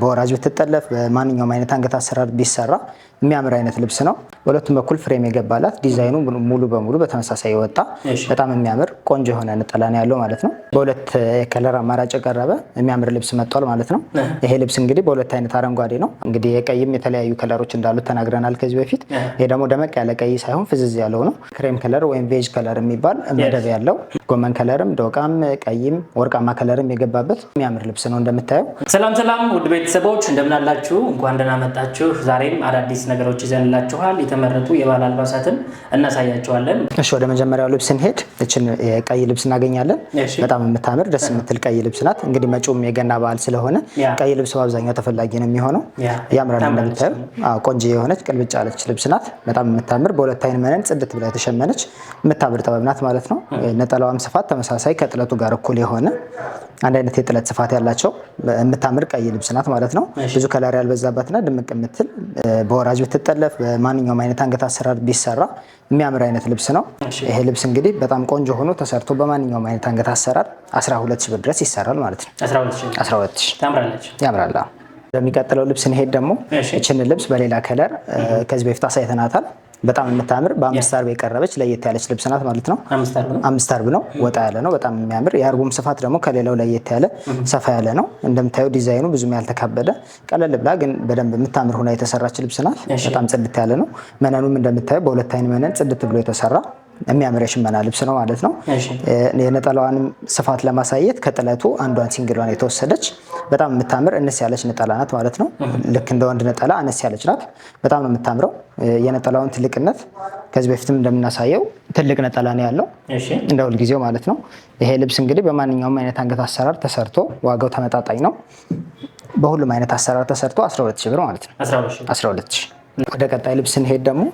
በወራጅ ብትጠለፍ በማንኛውም አይነት አንገት አሰራር ቢሰራ የሚያምር አይነት ልብስ ነው። በሁለቱም በኩል ፍሬም የገባላት ዲዛይኑ ሙሉ በሙሉ በተመሳሳይ የወጣ በጣም የሚያምር ቆንጆ የሆነ ነጠላ ነው ያለው ማለት ነው። በሁለት የከለር አማራጭ የቀረበ የሚያምር ልብስ መጥቷል ማለት ነው። ይሄ ልብስ እንግዲህ በሁለት አይነት አረንጓዴ ነው እንግዲህ የቀይም የተለያዩ ከለሮች እንዳሉት ተናግረናል ከዚህ በፊት። ይሄ ደግሞ ደመቅ ያለ ቀይ ሳይሆን ፍዝዝ ያለው ነው። ክሬም ከለር ወይም ቬጅ ከለር የሚባል መደብ ያለው ጎመን ከለርም ዶቃም ቀይም ወርቃማ ከለርም የገባበት የሚያምር ልብስ ነው እንደምታየው። ሰላም ሰላም ውድ ቤተሰቦች እንደምናላችሁ፣ እንኳን ደህና መጣችሁ። ዛሬም አዳዲስ ነገሮች ይዘንላችኋል። የተመረጡ የባህል አልባሳትን እናሳያችኋለን። እሺ ወደ መጀመሪያው ልብስ እንሄድ። እችን ቀይ ልብስ እናገኛለን። በጣም የምታምር ደስ የምትል ቀይ ልብስ ናት። እንግዲህ መጪውም የገና በዓል ስለሆነ ቀይ ልብስ በአብዛኛው ተፈላጊ ነው የሚሆነው። ያምራል። እንደምታየው ቆንጆ የሆነች ቅልብጭ ያለች ልብስ ናት። በጣም የምታምር በሁለት አይን መነን ጽድት ብላ የተሸመነች የምታምር ጥበብ ናት ማለት ነው። ነጠላዋ የላባም ስፋት ተመሳሳይ ከጥለቱ ጋር እኩል የሆነ አንድ አይነት የጥለት ስፋት ያላቸው የምታምር ቀይ ልብስ ናት ማለት ነው። ብዙ ከለር ያልበዛበትና ድምቅ የምትል በወራጅ ብትጠለፍ በማንኛውም አይነት አንገት አሰራር ቢሰራ የሚያምር አይነት ልብስ ነው። ይሄ ልብስ እንግዲህ በጣም ቆንጆ ሆኖ ተሰርቶ በማንኛውም አይነት አንገት አሰራር 12 ሺ ብር ድረስ ይሰራል ማለት ነው። 12 ሺ ያምራል። በሚቀጥለው ልብስ እንሄድ ደግሞ እችን ልብስ በሌላ ከለር ከዚህ በፊት አሳይተናታል። በጣም የምታምር በአምስት አርብ የቀረበች ለየት ያለች ልብስ ናት ማለት ነው። አምስት አርብ ነው፣ mm-hmm. ወጣ ያለ ነው፣ በጣም የሚያምር የአርቡም ስፋት ደግሞ ከሌላው ለየት ያለ mm-hmm. ሰፋ ያለ ነው። እንደምታየው ዲዛይኑ ብዙም ያልተካበደ ቀለል ብላ ግን በደንብ የምታምር ሁና የተሰራች ልብስ ናት። በጣም ጽድት ያለ ነው። መነኑም እንደምታየው በሁለት አይን መነን ጽድት ብሎ የተሰራ የሚያምር የሽመና ልብስ ነው ማለት ነው። የነጠላዋንም ስፋት ለማሳየት ከጥለቱ አንዷን ሲንግሏን የተወሰደች በጣም የምታምር እነስ ያለች ነጠላ ናት ማለት ነው። ልክ እንደ ወንድ ነጠላ አነስ ያለች ናት። በጣም ነው የምታምረው። የነጠላውን ትልቅነት ከዚህ በፊትም እንደምናሳየው ትልቅ ነጠላ ነው ያለው እንደ ሁልጊዜው ማለት ነው። ይሄ ልብስ እንግዲህ በማንኛውም አይነት አንገት አሰራር ተሰርቶ ዋጋው ተመጣጣኝ ነው። በሁሉም አይነት አሰራር ተሰርቶ 12 ሺህ ብር ማለት ነው። 12 ሺህ ወደ ቀጣይ ልብስ ስንሄድ ደግሞ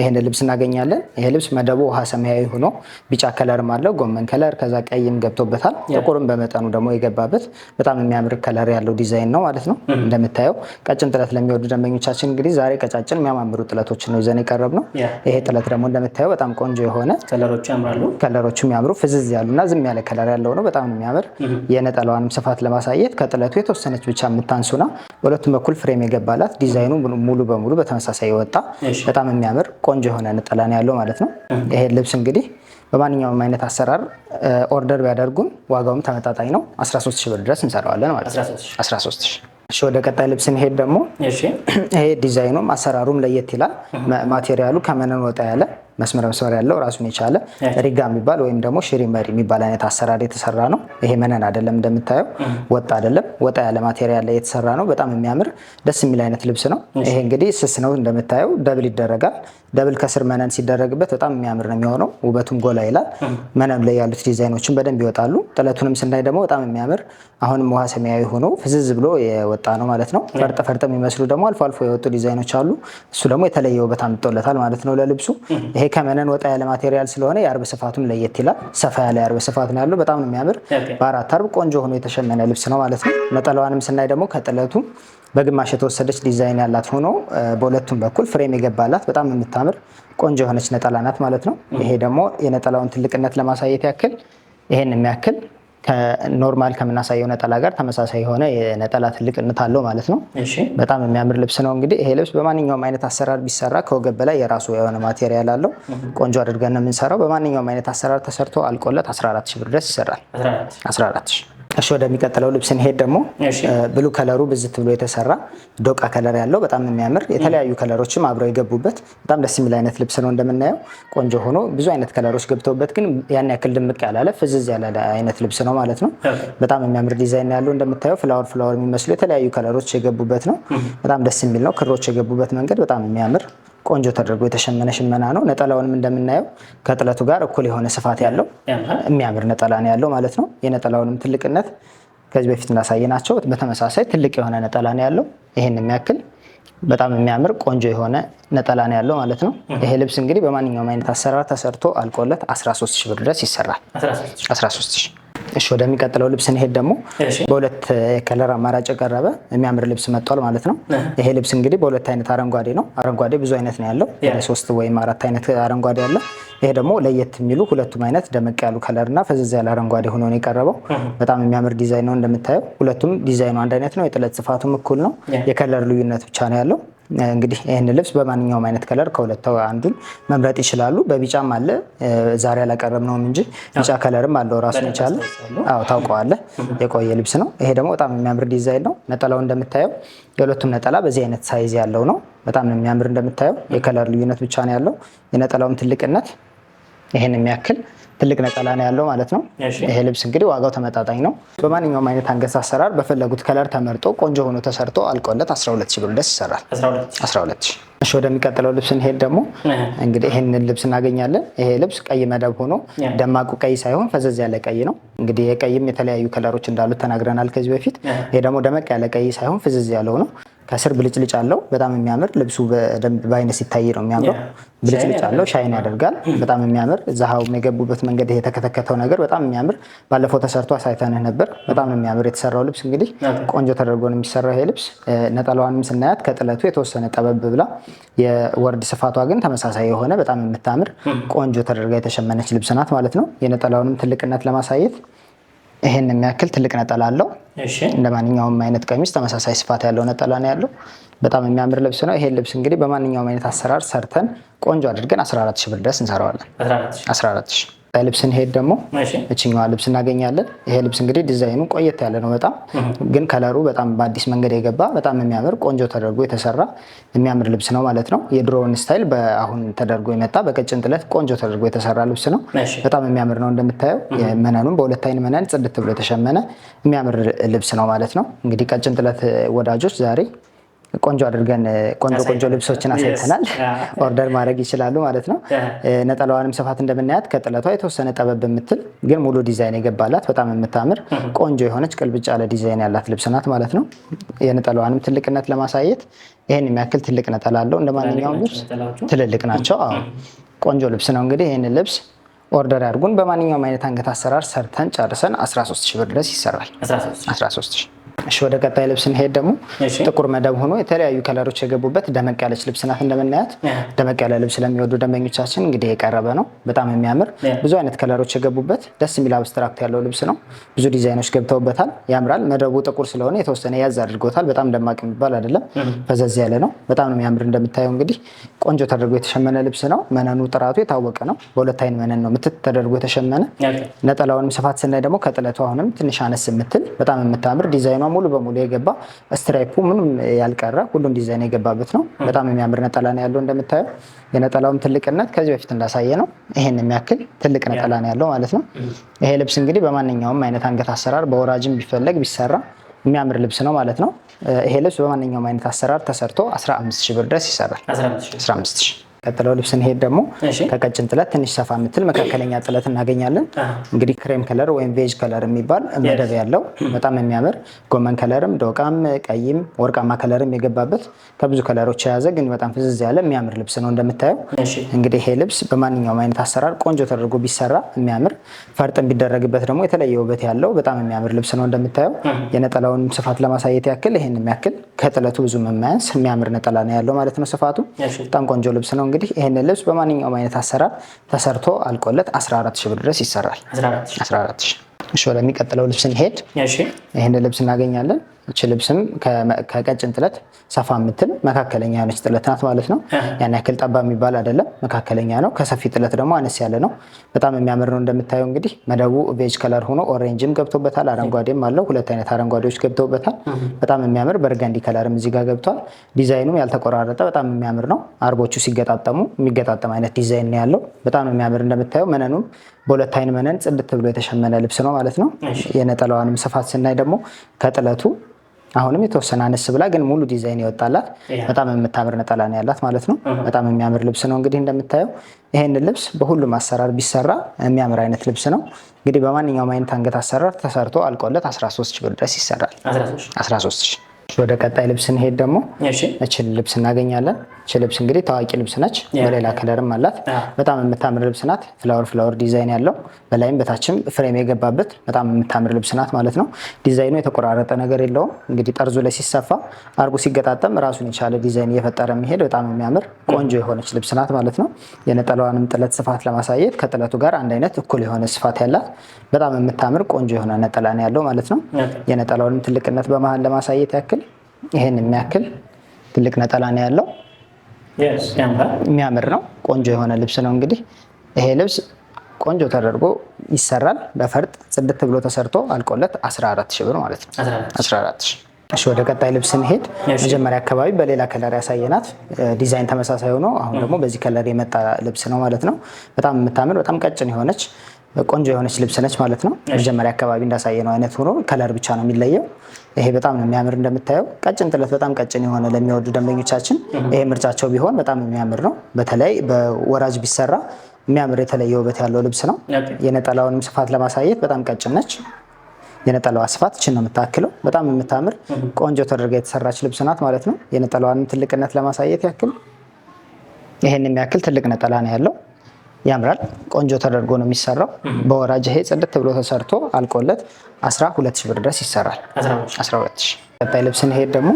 ይህን ልብስ እናገኛለን። ይሄ ልብስ መደቡ ውሃ ሰማያዊ ሆኖ ቢጫ ከለርም አለው ጎመን ከለር፣ ከዛ ቀይም ገብቶበታል፣ ጥቁርም በመጠኑ ደግሞ የገባበት በጣም የሚያምር ከለር ያለው ዲዛይን ነው ማለት ነው። እንደምታየው ቀጭን ጥለት ለሚወዱ ደንበኞቻችን እንግዲህ ዛሬ ቀጫጭን የሚያማምሩ ጥለቶችን ነው ይዘን የቀረብ ነው። ይሄ ጥለት ደግሞ እንደምታየው በጣም ቆንጆ የሆነ ከለሮቹ የሚያምሩ ፍዝዝ ያሉና ዝም ያለ ከለር ያለው ነው። በጣም የሚያምር የነጠላዋንም ስፋት ለማሳየት ከጥለቱ የተወሰነች ብቻ የምታንሱና በሁለቱም በኩል ፍሬም የገባላት ዲዛይኑ ሙሉ በሙሉ በተመሳ በተመሳሳይ የወጣ በጣም የሚያምር ቆንጆ የሆነ ነጠላ ነው ያለው ማለት ነው። ይሄ ልብስ እንግዲህ በማንኛውም አይነት አሰራር ኦርደር ቢያደርጉም ዋጋውም ተመጣጣኝ ነው። 13 ሺህ ብር ድረስ እንሰራዋለን ማለት ነው። 13 ሺህ እሺ ወደ ቀጣይ ልብስ እንሄድ። ደግሞ ይሄ ዲዛይኑም አሰራሩም ለየት ይላል። ማቴሪያሉ ከመነን ወጣ ያለ መስመር መስመር ያለው ራሱን የቻለ ሪጋ የሚባል ወይም ደግሞ ሽሪ መሪ የሚባል አይነት አሰራር የተሰራ ነው። ይሄ መነን አይደለም፣ እንደምታየው ወጥ አይደለም፣ ወጣ ያለ ማቴሪያል ላይ የተሰራ ነው። በጣም የሚያምር ደስ የሚል አይነት ልብስ ነው። ይሄ እንግዲህ ስስ ነው እንደምታየው፣ ደብል ይደረጋል። ደብል ከስር መነን ሲደረግበት በጣም የሚያምር ነው የሚሆነው። ውበቱም ጎላ ይላል። መነኑ ላይ ያሉት ዲዛይኖችን በደንብ ይወጣሉ። ጥለቱንም ስናይ ደግሞ በጣም የሚያምር አሁንም ውሃ ሰማያዊ ሆኖ ፍዝዝ ብሎ የወጣ ነው ማለት ነው። ፈርጥ ፈርጥ የሚመስሉ ደግሞ አልፎ አልፎ የወጡ ዲዛይኖች አሉ። እሱ ደግሞ የተለየ ውበት አምጥቶለታል ማለት ነው ለልብሱ ይሄ ይሄ ከመነን ወጣ ያለ ማቴሪያል ስለሆነ የአርብ ስፋቱም ለየት ይላል። ሰፋ ያለ የአርብ ስፋት ነው ያለው። በጣም ነው የሚያምር። በአራት አርብ ቆንጆ ሆኖ የተሸመነ ልብስ ነው ማለት ነው። ነጠላዋንም ስናይ ደግሞ ከጥለቱ በግማሽ የተወሰደች ዲዛይን ያላት ሆኖ በሁለቱም በኩል ፍሬም የገባላት በጣም የምታምር ቆንጆ የሆነች ነጠላ ናት ማለት ነው። ይሄ ደግሞ የነጠላውን ትልቅነት ለማሳየት ያክል ይሄን የሚያክል ከኖርማል ከምናሳየው ነጠላ ጋር ተመሳሳይ የሆነ የነጠላ ትልቅነት አለው ማለት ነው። በጣም የሚያምር ልብስ ነው። እንግዲህ ይሄ ልብስ በማንኛውም አይነት አሰራር ቢሰራ ከወገብ በላይ የራሱ የሆነ ማቴሪያል አለው። ቆንጆ አድርገን ነው የምንሰራው። በማንኛውም አይነት አሰራር ተሰርቶ አልቆለት 14 ብር ድረስ ይሰራል። 14 እሺ ወደሚቀጥለው ልብስ እንሄድ። ደግሞ ብሉ ከለሩ ብዝት ብሎ የተሰራ ዶቃ ከለር ያለው በጣም የሚያምር የተለያዩ ከለሮችም አብረው የገቡበት በጣም ደስ የሚል አይነት ልብስ ነው። እንደምናየው ቆንጆ ሆኖ ብዙ አይነት ከለሮች ገብተውበት ግን ያን ያክል ድምቅ ያላለ ፍዝዝ ያላለ አይነት ልብስ ነው ማለት ነው። በጣም የሚያምር ዲዛይን ያለው እንደምታየው ፍላወር ፍላወር የሚመስሉ የተለያዩ ከለሮች የገቡበት ነው። በጣም ደስ የሚል ነው። ክሮች የገቡበት መንገድ በጣም የሚያምር ቆንጆ ተደርጎ የተሸመነ ሽመና ነው። ነጠላውንም እንደምናየው ከጥለቱ ጋር እኩል የሆነ ስፋት ያለው የሚያምር ነጠላ ነው ያለው ማለት ነው። የነጠላውንም ትልቅነት ከዚህ በፊት እንዳሳየናቸው በተመሳሳይ ትልቅ የሆነ ነጠላ ነው ያለው። ይህን የሚያክል በጣም የሚያምር ቆንጆ የሆነ ነጠላ ነው ያለው ማለት ነው። ይሄ ልብስ እንግዲህ በማንኛውም አይነት አሰራር ተሰርቶ አልቆለት 13 ሺህ ብር ድረስ ይሰራል። 13 ሺህ እሺ ወደሚቀጥለው ልብስ እንሄድ። ደግሞ በሁለት የከለር አማራጭ የቀረበ የሚያምር ልብስ መጥቷል ማለት ነው። ይሄ ልብስ እንግዲህ በሁለት አይነት አረንጓዴ ነው። አረንጓዴ ብዙ አይነት ነው ያለው፣ ሶስት ወይም አራት አይነት አረንጓዴ አለ። ይሄ ደግሞ ለየት የሚሉ ሁለቱም አይነት ደመቅ ያሉ ከለር እና ፈዘዝ ያለ አረንጓዴ ሆኖ ነው የቀረበው። በጣም የሚያምር ዲዛይን ነው እንደምታየው። ሁለቱም ዲዛይኑ አንድ አይነት ነው። የጥለት ስፋቱም እኩል ነው። የከለር ልዩነት ብቻ ነው ያለው። እንግዲህ ይህን ልብስ በማንኛውም አይነት ከለር ከሁለተው አንዱን መምረጥ ይችላሉ። በቢጫም አለ ዛሬ አላቀረብነውም እንጂ ቢጫ ከለርም አለው ራሱን ይቻለ። አዎ፣ ታውቀዋለህ፣ የቆየ ልብስ ነው። ይሄ ደግሞ በጣም የሚያምር ዲዛይን ነው። ነጠላው እንደምታየው የሁለቱም ነጠላ በዚህ አይነት ሳይዝ ያለው ነው። በጣም የሚያምር እንደምታየው፣ የከለር ልዩነት ብቻ ነው ያለው። የነጠላውም ትልቅነት ይሄን የሚያክል ትልቅ ነጠላ ነው ያለው ማለት ነው። ይሄ ልብስ እንግዲህ ዋጋው ተመጣጣኝ ነው። በማንኛውም አይነት አንገት አሰራር በፈለጉት ከለር ተመርጦ ቆንጆ ሆኖ ተሰርቶ አልቆለት 12 ሺ ብር ደስ ይሰራል። 12 እሺ ወደሚቀጥለው ልብስ እንሄድ። ደግሞ እንግዲህ ይህንን ልብስ እናገኛለን። ይሄ ልብስ ቀይ መደብ ሆኖ ደማቁ ቀይ ሳይሆን ፈዘዝ ያለ ቀይ ነው። እንግዲህ የቀይም የተለያዩ ከለሮች እንዳሉት ተናግረናል ከዚህ በፊት። ይሄ ደግሞ ደመቅ ያለ ቀይ ሳይሆን ፍዝዝ ያለው ነው። ከስር ብልጭልጭ አለው። በጣም የሚያምር ልብሱ በደንብ በአይነት ሲታይ ነው የሚያምረው። ብልጭልጭ አለው፣ ሻይን ያደርጋል። በጣም የሚያምር ዛሃው የገቡበት መንገድ ይሄ የተከተከተው ነገር በጣም የሚያምር ባለፈው ተሰርቶ አሳይተንህ ነበር። በጣም ነው የሚያምር የተሰራው ልብስ። እንግዲህ ቆንጆ ተደርጎ ነው የሚሰራው ይሄ ልብስ። ነጠላዋንም ስናያት ከጥለቱ የተወሰነ ጠበብ ብላ፣ የወርድ ስፋቷ ግን ተመሳሳይ የሆነ በጣም የምታምር ቆንጆ ተደርጋ የተሸመነች ልብስ ናት ማለት ነው። የነጠላውንም ትልቅነት ለማሳየት ይሄን የሚያክል ትልቅ ነጠላ አለው። እንደ ማንኛውም አይነት ቀሚስ ተመሳሳይ ስፋት ያለው ነጠላ ነው ያለው። በጣም የሚያምር ልብስ ነው። ይሄን ልብስ እንግዲህ በማንኛውም አይነት አሰራር ሰርተን ቆንጆ አድርገን 14 ሺህ ብር ድረስ እንሰራዋለን። 14 ሺህ ልብስ ስንሄድ ደግሞ እችኛዋ ልብስ እናገኛለን። ይሄ ልብስ እንግዲህ ዲዛይኑ ቆየት ያለ ነው በጣም ግን ከለሩ በጣም በአዲስ መንገድ የገባ በጣም የሚያምር ቆንጆ ተደርጎ የተሰራ የሚያምር ልብስ ነው ማለት ነው። የድሮውን ስታይል በአሁን ተደርጎ የመጣ በቀጭን ጥለት ቆንጆ ተደርጎ የተሰራ ልብስ ነው። በጣም የሚያምር ነው እንደምታየው። መነኑም በሁለት አይን መነን ጽድት ብሎ የተሸመነ የሚያምር ልብስ ነው ማለት ነው። እንግዲህ ቀጭን ጥለት ወዳጆች ዛሬ ቆንጆ አድርገን ቆንጆ ቆንጆ ልብሶችን አሳይተናል። ኦርደር ማድረግ ይችላሉ ማለት ነው። ነጠላዋንም ስፋት እንደምናያት ከጥለቷ የተወሰነ ጠበብ የምትል ግን ሙሉ ዲዛይን የገባላት በጣም የምታምር ቆንጆ የሆነች ቅልብጭ ያለ ዲዛይን ያላት ልብስ ናት ማለት ነው። የነጠላዋንም ትልቅነት ለማሳየት ይህን የሚያክል ትልቅ ነጠላ አለው። እንደ ማንኛውም ልብስ ትልልቅ ናቸው። ቆንጆ ልብስ ነው። እንግዲህ ይህን ልብስ ኦርደር ያድርጉን። በማንኛውም አይነት አንገት አሰራር ሰርተን ጨርሰን 13 ሺህ ብር ድረስ ይሰራል። 13 ሺህ እሺ ወደ ቀጣይ ልብስ እንሄድ። ደግሞ ጥቁር መደብ ሆኖ የተለያዩ ከለሮች የገቡበት ደመቅ ያለች ልብስ ናት። እንደምናያት ደመቅ ያለ ልብስ ለሚወዱ ደንበኞቻችን እንግዲህ የቀረበ ነው። በጣም የሚያምር ብዙ አይነት ከለሮች የገቡበት ደስ የሚል አብስትራክት ያለው ልብስ ነው። ብዙ ዲዛይኖች ገብተውበታል። ያምራል። መደቡ ጥቁር ስለሆነ የተወሰነ ያዝ አድርጎታል። በጣም ደማቅ የሚባል አይደለም፣ ፈዘዝ ያለ ነው። በጣም ነው የሚያምር። እንደምታየው እንግዲህ ቆንጆ ተደርጎ የተሸመነ ልብስ ነው። መነኑ ጥራቱ የታወቀ ነው። በሁለት አይን መነን ነው ምትት ተደርጎ የተሸመነ ነጠላውንም ስፋት ስናይ ደግሞ ከጥለቱ አሁንም ትንሽ አነስ የምትል በጣም የምታምር ዲዛይኑ ጫማ ሙሉ በሙሉ የገባ ስትራይፑ ምንም ያልቀረ ሁሉም ዲዛይን የገባበት ነው። በጣም የሚያምር ነጠላ ነው ያለው እንደምታየው። የነጠላውም ትልቅነት ከዚህ በፊት እንዳሳየ ነው። ይሄን የሚያክል ትልቅ ነጠላ ነው ያለው ማለት ነው። ይሄ ልብስ እንግዲህ በማንኛውም አይነት አንገት አሰራር በወራጅም ቢፈለግ ቢሰራ የሚያምር ልብስ ነው ማለት ነው። ይሄ ልብስ በማንኛውም አይነት አሰራር ተሰርቶ 15 ሺህ ብር ድረስ ይሰራል። 15 ሺህ ወደሚቀጥለው ልብስ እንሄድ ደግሞ ከቀጭን ጥለት ትንሽ ሰፋ የምትል መካከለኛ ጥለት እናገኛለን። እንግዲህ ክሬም ከለር ወይም ቬጅ ከለር የሚባል መደብ ያለው በጣም የሚያምር ጎመን ከለርም፣ ዶቃም፣ ቀይም ወርቃማ ከለርም የገባበት ከብዙ ከለሮች የያዘ ግን በጣም ፍዝዝ ያለ የሚያምር ልብስ ነው እንደምታየው። እንግዲህ ይሄ ልብስ በማንኛውም አይነት አሰራር ቆንጆ ተደርጎ ቢሰራ የሚያምር ፈርጥ ቢደረግበት ደግሞ የተለየ ውበት ያለው በጣም የሚያምር ልብስ ነው እንደምታየው። የነጠላውን ስፋት ለማሳየት ያክል ይህን የሚያክል ከጥለቱ ብዙ መማያንስ የሚያምር ነጠላ ነው ያለው ማለት ነው። ስፋቱ በጣም ቆንጆ ልብስ ነው። እንግዲህ ይህንን ልብስ በማንኛውም አይነት አሰራር ተሰርቶ አልቆለት 14 ሺህ ብር ድረስ ይሰራል። 14 ሺህ። እሺ ወደሚቀጥለው ልብስ እንሄድ። ይህንን ልብስ እናገኛለን። እች ልብስም ከቀጭን ጥለት ሰፋ የምትል መካከለኛ የሆነች ጥለት ናት ማለት ነው። ያን ያክል ጠባ የሚባል አይደለም፣ መካከለኛ ነው። ከሰፊ ጥለት ደግሞ አነስ ያለ ነው። በጣም የሚያምር ነው። እንደምታየው እንግዲህ መደቡ ቬጅ ከለር ሆኖ ኦሬንጅም ገብቶበታል፣ አረንጓዴም አለው። ሁለት አይነት አረንጓዴዎች ገብተውበታል። በጣም የሚያምር በርገንዲ ከለርም እዚህ ጋር ገብቷል። ዲዛይኑም ያልተቆራረጠ በጣም የሚያምር ነው። አርቦቹ ሲገጣጠሙ የሚገጣጠም አይነት ዲዛይን ነው ያለው። በጣም የሚያምር እንደምታየው መነኑም በሁለት አይን መነን ጽድት ብሎ የተሸመነ ልብስ ነው ማለት ነው። የነጠላዋንም ስፋት ስናይ ደግሞ ከጥለቱ አሁንም የተወሰነ አነስ ብላ ግን ሙሉ ዲዛይን ይወጣላት በጣም የምታምር ነጠላ ነው ያላት ማለት ነው። በጣም የሚያምር ልብስ ነው እንግዲህ እንደምታየው ይህን ልብስ በሁሉም አሰራር ቢሰራ የሚያምር አይነት ልብስ ነው። እንግዲህ በማንኛውም አይነት አንገት አሰራር ተሰርቶ አልቆለት 13 ሺህ ብር ድረስ ይሰራል። 13 ሺህ ወደ ቀጣይ ልብስ እንሄድ ደግሞ እችን ልብስ እናገኛለን። ይች ልብስ እንግዲህ ታዋቂ ልብስ ነች። በሌላ ከለርም አላት። በጣም የምታምር ልብስ ናት። ፍላወር ፍላወር ዲዛይን ያለው በላይም በታችም ፍሬም የገባበት በጣም የምታምር ልብስ ናት ማለት ነው። ዲዛይኑ የተቆራረጠ ነገር የለውም። እንግዲህ ጠርዙ ላይ ሲሰፋ አርጎ ሲገጣጠም ራሱን የቻለ ዲዛይን እየፈጠረ የሚሄድ በጣም የሚያምር ቆንጆ የሆነች ልብስ ናት ማለት ነው። የነጠላዋንም ጥለት ስፋት ለማሳየት ከጥለቱ ጋር አንድ አይነት እኩል የሆነ ስፋት ያላት በጣም የምታምር ቆንጆ የሆነ ነጠላ ነው ያለው ማለት ነው። የነጠላውንም ትልቅነት በመሀል ለማሳየት ያክል ይሄን የሚያክል ትልቅ ነጠላ ነው ያለው። የሚያምር ነው። ቆንጆ የሆነ ልብስ ነው። እንግዲህ ይሄ ልብስ ቆንጆ ተደርጎ ይሰራል። በፈርጥ ጽድት ብሎ ተሰርቶ አልቆለት 14 ሺ ብር ማለት ነው። 14 ሺህ እሺ ወደ ቀጣይ ልብስ ስንሄድ መጀመሪያ አካባቢ በሌላ ከለር ያሳየናት ዲዛይን ተመሳሳይ ሆኖ አሁን ደግሞ በዚህ ከለር የመጣ ልብስ ነው ማለት ነው። በጣም የምታምር በጣም ቀጭን የሆነች ቆንጆ የሆነች ልብስ ነች ማለት ነው። መጀመሪያ አካባቢ እንዳሳየ ነው አይነት ሆኖ ከለር ብቻ ነው የሚለየው። ይሄ በጣም ነው የሚያምር እንደምታየው፣ ቀጭን ጥለት በጣም ቀጭን የሆነ ለሚወዱ ደንበኞቻችን ይሄ ምርጫቸው ቢሆን በጣም የሚያምር ነው። በተለይ በወራጅ ቢሰራ የሚያምር የተለየ ውበት ያለው ልብስ ነው። የነጠላውንም ስፋት ለማሳየት በጣም ቀጭን ነች። የነጠላዋ ስፋት ችን ነው የምታክለው። በጣም የምታምር ቆንጆ ተደርጋ የተሰራች ልብስ ናት ማለት ነው። የነጠላዋንም ትልቅነት ለማሳየት ያክል ይህን የሚያክል ትልቅ ነጠላ ነው ያለው። ያምራል። ቆንጆ ተደርጎ ነው የሚሰራው። በወራጅ ይሄ ጽድት ብሎ ተሰርቶ አልቆለት 12 ሺህ ብር ድረስ ይሰራል። 12 ቀጣይ ልብስ እንሄድ ደግሞ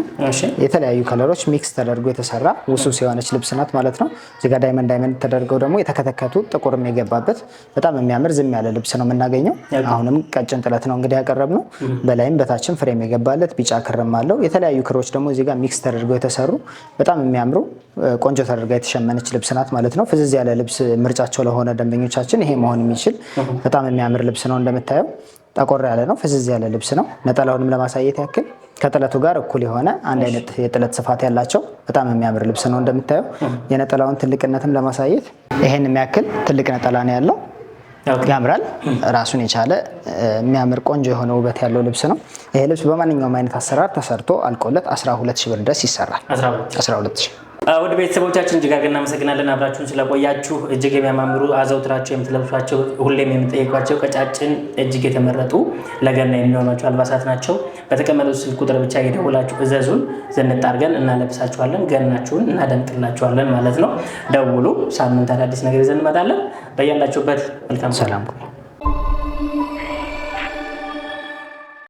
የተለያዩ ከለሮች ሚክስ ተደርጎ የተሰራ ውሱስ የሆነች ልብስ ናት ማለት ነው። እዚጋ ጋ ዳይመንድ ዳይመንድ ተደርገው ደግሞ የተከተከቱ ጥቁርም የገባበት በጣም የሚያምር ዝም ያለ ልብስ ነው የምናገኘው። አሁንም ቀጭን ጥለት ነው እንግዲህ ያቀረብ ነው። በላይም በታችም ፍሬም የገባለት ቢጫ ክርም አለው። የተለያዩ ክሮች ደግሞ እዚጋ ሚክስ ተደርገው የተሰሩ በጣም የሚያምሩ ቆንጆ ተደርጋ የተሸመነች ልብስ ናት ማለት ነው። ፍዝዝ ያለ ልብስ ምርጫቸው ለሆነ ደንበኞቻችን ይሄ መሆን የሚችል በጣም የሚያምር ልብስ ነው። እንደምታየው ጠቆር ያለ ነው፣ ፍዝዝ ያለ ልብስ ነው። ነጠላውንም ለማሳየት ያክል ከጥለቱ ጋር እኩል የሆነ አንድ አይነት የጥለት ስፋት ያላቸው በጣም የሚያምር ልብስ ነው። እንደምታየው የነጠላውን ትልቅነትም ለማሳየት ይሄን የሚያክል ትልቅ ነጠላ ነው ያለው። ያምራል። ራሱን የቻለ የሚያምር ቆንጆ የሆነ ውበት ያለው ልብስ ነው። ይሄ ልብስ በማንኛውም አይነት አሰራር ተሰርቶ አልቆለት 12 ብር ድረስ ይሰራል። 12 ውድ ቤተሰቦቻችን እጅግ አድርገን እናመሰግናለን። አብራችሁን ስለቆያችሁ እጅግ የሚያማምሩ አዘውትራቸው የምትለብሷቸው ሁሌም የምጠይቋቸው ቀጫጭን እጅግ የተመረጡ ለገና የሚሆኗቸው አልባሳት ናቸው። በተቀመጠው ስልክ ቁጥር ብቻ እየደውላችሁ እዘዙን። ዝንጥ አድርገን እናለብሳችኋለን፣ ገናችሁን እናደምቅላችኋለን ማለት ነው። ደውሉ። ሳምንት አዳዲስ ነገር ይዘን እንመጣለን። በያላችሁበት መልካም ሰላም